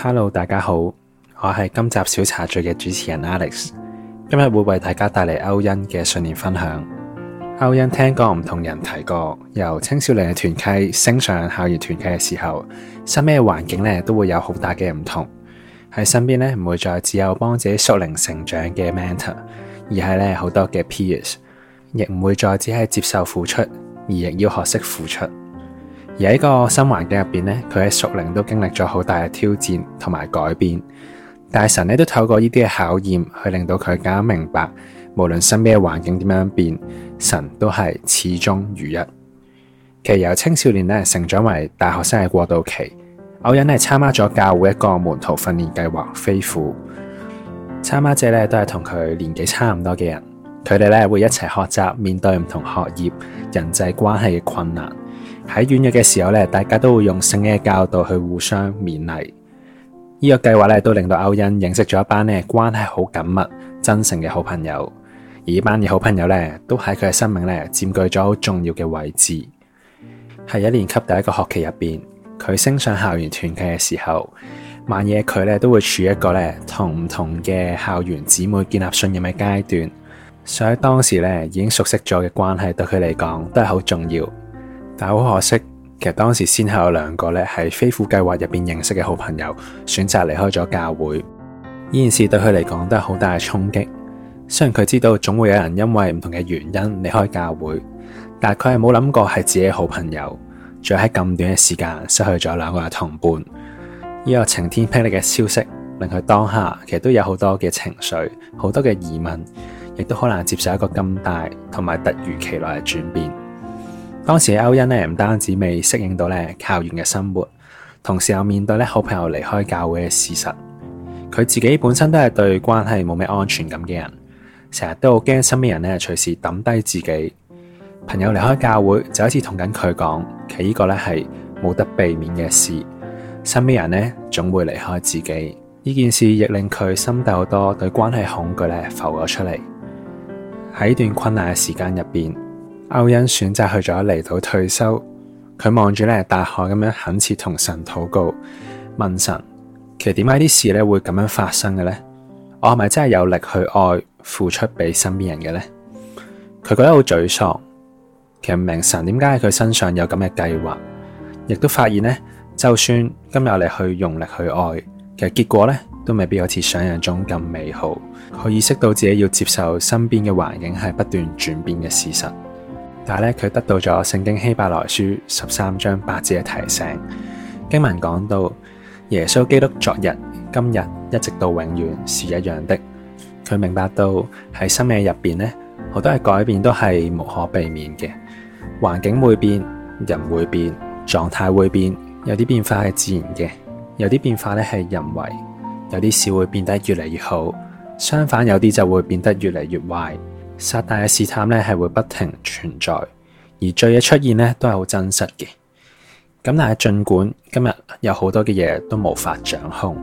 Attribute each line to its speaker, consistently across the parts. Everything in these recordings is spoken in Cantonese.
Speaker 1: Hello，大家好，我係今集小茶聚嘅主持人 Alex，今日會為大家帶嚟 Auyan 嘅信念分享。Auyan 聽講唔同人提過，由青少年嘅團契升上校園團契嘅時候，身邊嘅環境咧都會有好大嘅唔同。喺身邊咧唔會再只有幫自己屬靈成長嘅 mentor，而係咧好多嘅 peers，亦唔會再只係接受付出，而亦要學識付出。而喺個新環境入邊咧，佢喺屬靈都經歷咗好大嘅挑戰同埋改變，但係神咧都透過呢啲嘅考驗，去令到佢更加明白，無論身邊嘅環境點樣變，神都係始終如一。其實由青少年咧成長為大學生嘅過渡期，Auyan 係參加咗教會一個門徒訓練計劃，飛虎。參加者咧都係同佢年紀差唔多嘅人，佢哋咧會一齊學習面對唔同學業、人際關係嘅困難。喺軟弱嘅時候咧，大家都會用聖經嘅教導去互相勉勵。呢、這個計劃咧，都令到歐恩認識咗一班咧關係好緊密、真誠嘅好朋友。而呢班嘅好朋友咧，都喺佢嘅生命咧佔據咗好重要嘅位置。喺一年級第一個學期入邊，佢升上校園團契嘅時候，萬夜佢咧都會處一個咧同唔同嘅校園姊妹建立信任嘅階段。所以當時咧已經熟悉咗嘅關係，對佢嚟講都係好重要。但好可惜，其實當時先後有兩個咧係飛虎計劃入邊認識嘅好朋友，選擇離開咗教會。呢件事對佢嚟講都係好大嘅衝擊。雖然佢知道總會有人因為唔同嘅原因離開教會，但佢係冇諗過係自己嘅好朋友，仲喺咁短嘅時間失去咗兩個嘅同伴。呢個晴天霹靂嘅消息，令佢當下其實都有好多嘅情緒，好多嘅疑問，亦都好難接受一個咁大同埋突如其來嘅轉變。當時歐恩咧唔單止未適應到咧校園嘅生活，同時又面對咧好朋友離開教會嘅事實，佢自己本身都係對關係冇咩安全感嘅人，成日都好驚身邊人咧隨時抌低自己。朋友離開教會就好似同緊佢講，其實呢個咧係冇得避免嘅事，身邊人咧總會離開自己。呢件事亦令佢心底好多對關係恐懼咧浮咗出嚟。喺呢段困難嘅時間入邊。歐恩選擇去咗離島退修，佢望住咧大海咁樣，懇切同神禱告，問神：其實點解啲事咧會咁樣發生嘅咧？我係咪真係有力去愛、付出俾身邊人嘅咧？佢覺得好沮喪。其實唔明神點解喺佢身上有咁嘅計劃？亦都發現咧，就算今日嚟去用力去愛，其實結果咧都未必好似想象中咁美好。佢意識到自己要接受身邊嘅環境係不斷轉變嘅事實。但係佢得到咗《聖經希伯來書》十三章八節嘅提醒，經文講到耶穌基督昨日、今日一直到永遠是一樣的。佢明白到喺生命入邊好多嘅改變都係無可避免嘅，環境會變，人會變，狀態會變，有啲變化係自然嘅，有啲變化咧係人為，有啲事會變得越嚟越好，相反有啲就會變得越嚟越壞。撒但嘅試探咧係會不停存在，而罪嘅出現咧都係好真實嘅。咁但係盡管今日有好多嘅嘢都無法掌控，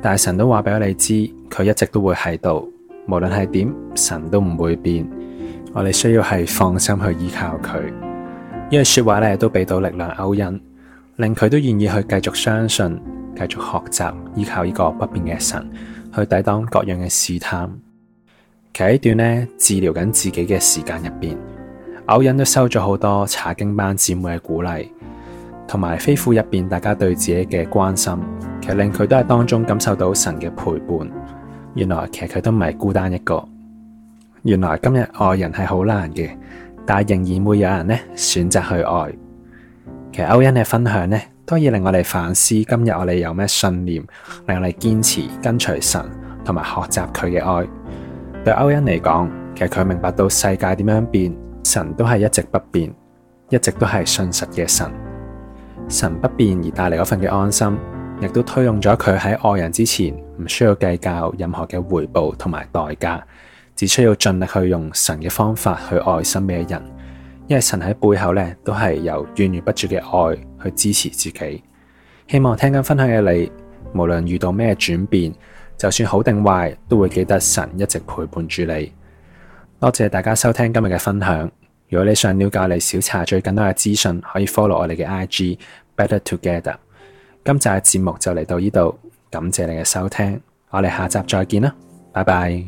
Speaker 1: 但係神都話俾我哋知，佢一直都會喺度，無論係點，神都唔會變。我哋需要係放心去依靠佢，呢句說話咧都俾到力量歐恩，令佢都願意去繼續相信、繼續學習、依靠呢個不變嘅神，去抵擋各樣嘅試探。其實喺一段咧治療緊自己嘅時間入邊，歐欣都收咗好多查經班姊妹嘅鼓勵，同埋非符入邊大家對自己嘅關心，其實令佢都係當中感受到神嘅陪伴。原來其實佢都唔係孤單一個。原來今日愛人係好難嘅，但係仍然會有人咧選擇去愛。其實歐欣嘅分享呢，當然令我哋反思今日我哋有咩信念，令我哋堅持跟隨神，同埋學習佢嘅愛。對歐恩嚟講，其實佢明白到世界點樣變，神都係一直不變，一直都係信實嘅神。神不變而帶嚟嗰份嘅安心，亦都推動咗佢喺愛人之前唔需要計較任何嘅回報同埋代價，只需要盡力去用神嘅方法去愛身邊嘅人，因為神喺背後咧都係由源源不絕嘅愛去支持自己。希望聽緊分享嘅你，無論遇到咩轉變。就算好定壞，都會記得神一直陪伴住你。多謝大家收聽今日嘅分享。如果你想了解你小茶最更多嘅資訊，可以 follow 我哋嘅 IG Better Together。今集嘅節目就嚟到呢度，感謝你嘅收聽，我哋下集再見啦，拜拜。